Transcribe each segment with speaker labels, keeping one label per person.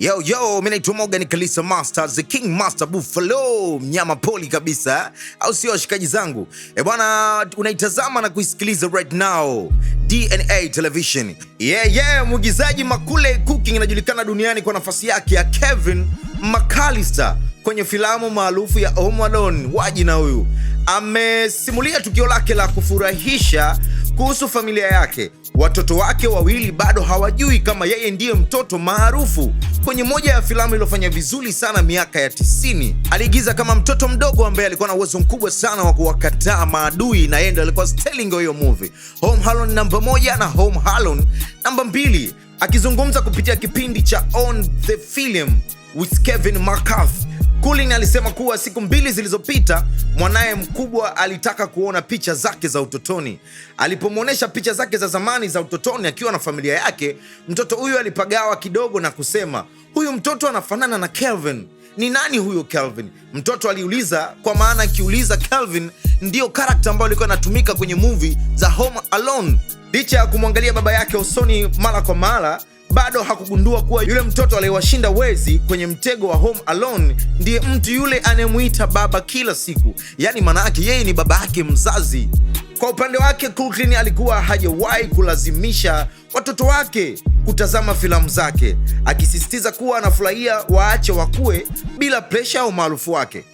Speaker 1: Yo yo, mimi naitwa Morgan Kalisa Masters, the King Master Buffalo, mnyama poli kabisa, au sio washikaji zangu? E bwana, unaitazama na kuisikiliza right now DNA Television. Yeah, yeah, mwigizaji Makule Cooking anajulikana duniani kwa nafasi yake ya Kevin McAllister kwenye filamu maarufu ya Home Alone. Waji na huyu amesimulia tukio lake la kufurahisha kuhusu familia yake, watoto wake wawili bado hawajui kama yeye ndiye mtoto maarufu. Kwenye moja ya filamu iliyofanya vizuri sana miaka ya 90, aliigiza kama mtoto mdogo ambaye alikuwa na uwezo mkubwa sana wa kuwakataa maadui, na yeye ndo alikuwa stelling hiyo movie Home Alone namba moja na Home Alone namba mbili. Akizungumza kupitia kipindi cha On the Film with Kevin McCarthy Kulin alisema kuwa siku mbili zilizopita mwanaye mkubwa alitaka kuona picha zake za utotoni. Alipomwonyesha picha zake za zamani za utotoni akiwa na familia yake, mtoto huyo alipagawa kidogo na kusema, huyu mtoto anafanana na Kelvin. Ni nani huyo Kelvin? Mtoto aliuliza, kwa maana akiuliza Kelvin ndiyo karakta ambayo ilikuwa inatumika kwenye movie za Home Alone. Licha ya kumwangalia baba yake usoni mara kwa mara bado hakugundua kuwa yule mtoto aliyewashinda wezi kwenye mtego wa Home Alone ndiye mtu yule anayemwita baba kila siku, yaani maana yake yeye ni baba yake mzazi. Kwa upande wake Kulkin alikuwa hajawahi kulazimisha watoto wake kutazama filamu zake, akisisitiza kuwa anafurahia waache wakue bila presha au umaarufu wake,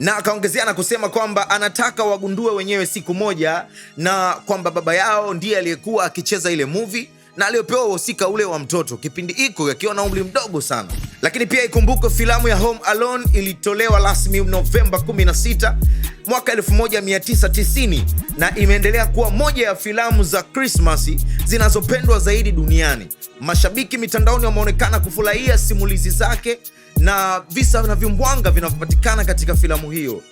Speaker 1: na akaongezea na kusema kwamba anataka wagundue wenyewe siku moja, na kwamba baba yao ndiye aliyekuwa akicheza ile movie na aliyopewa uhusika ule wa mtoto kipindi hiko akiwa na umri mdogo sana. Lakini pia ikumbukwe filamu ya Home Alone ilitolewa rasmi Novemba 16 mwaka 1990 na imeendelea kuwa moja ya filamu za Krismasi zinazopendwa zaidi duniani. Mashabiki mitandaoni wameonekana kufurahia simulizi zake na visa na vyumbwanga vinavyopatikana katika filamu hiyo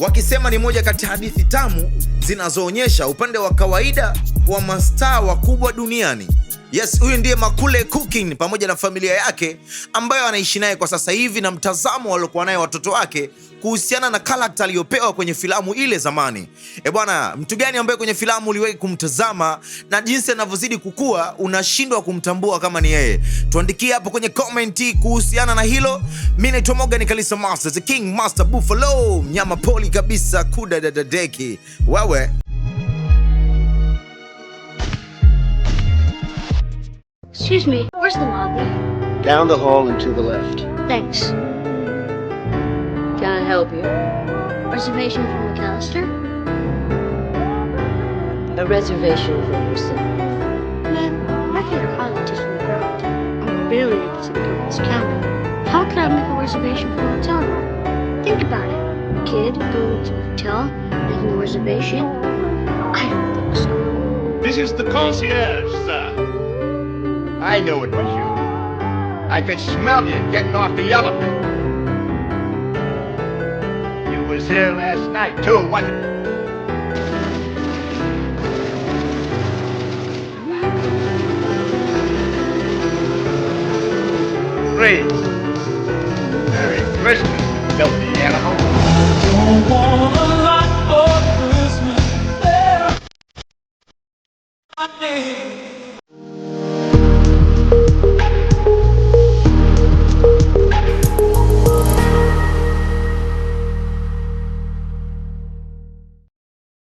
Speaker 1: wakisema ni moja kati ya hadithi tamu zinazoonyesha upande wa kawaida wa mastaa wakubwa duniani. Yes, huyu ndiye Makule Cooking pamoja na familia yake ambayo anaishi naye kwa sasa hivi na mtazamo waliokuwa naye watoto wake kuhusiana na karakta aliyopewa kwenye filamu ile zamani. E bwana, mtu gani ambaye kwenye filamu uliwahi kumtazama na jinsi anavyozidi kukua unashindwa kumtambua kama ni yeye? Tuandikie hapo kwenye comment kuhusiana na hilo. Mimi naitwa Morgan Kalisa Masters, the King Master Buffalo, mnyama poli kabisa kudadadadeki. Wewe Excuse me, where's the lobby? Down the hall and to the left. Thanks. Can I help you? Reservation for McAllister? A reservation for yourself. Man, my favorite holiday is in the world. I'm really interested in this cabin. How can I make a reservation for a hotel room? Think about it. Kid going to a hotel, making a reservation? I don't think so. This is the concierge, sir. I knew it was you. I could smell you getting off the elephant. You was here last night too, wasn't it? Merry Christmas, filthy animal. Don't want a lot for Christmas. I need.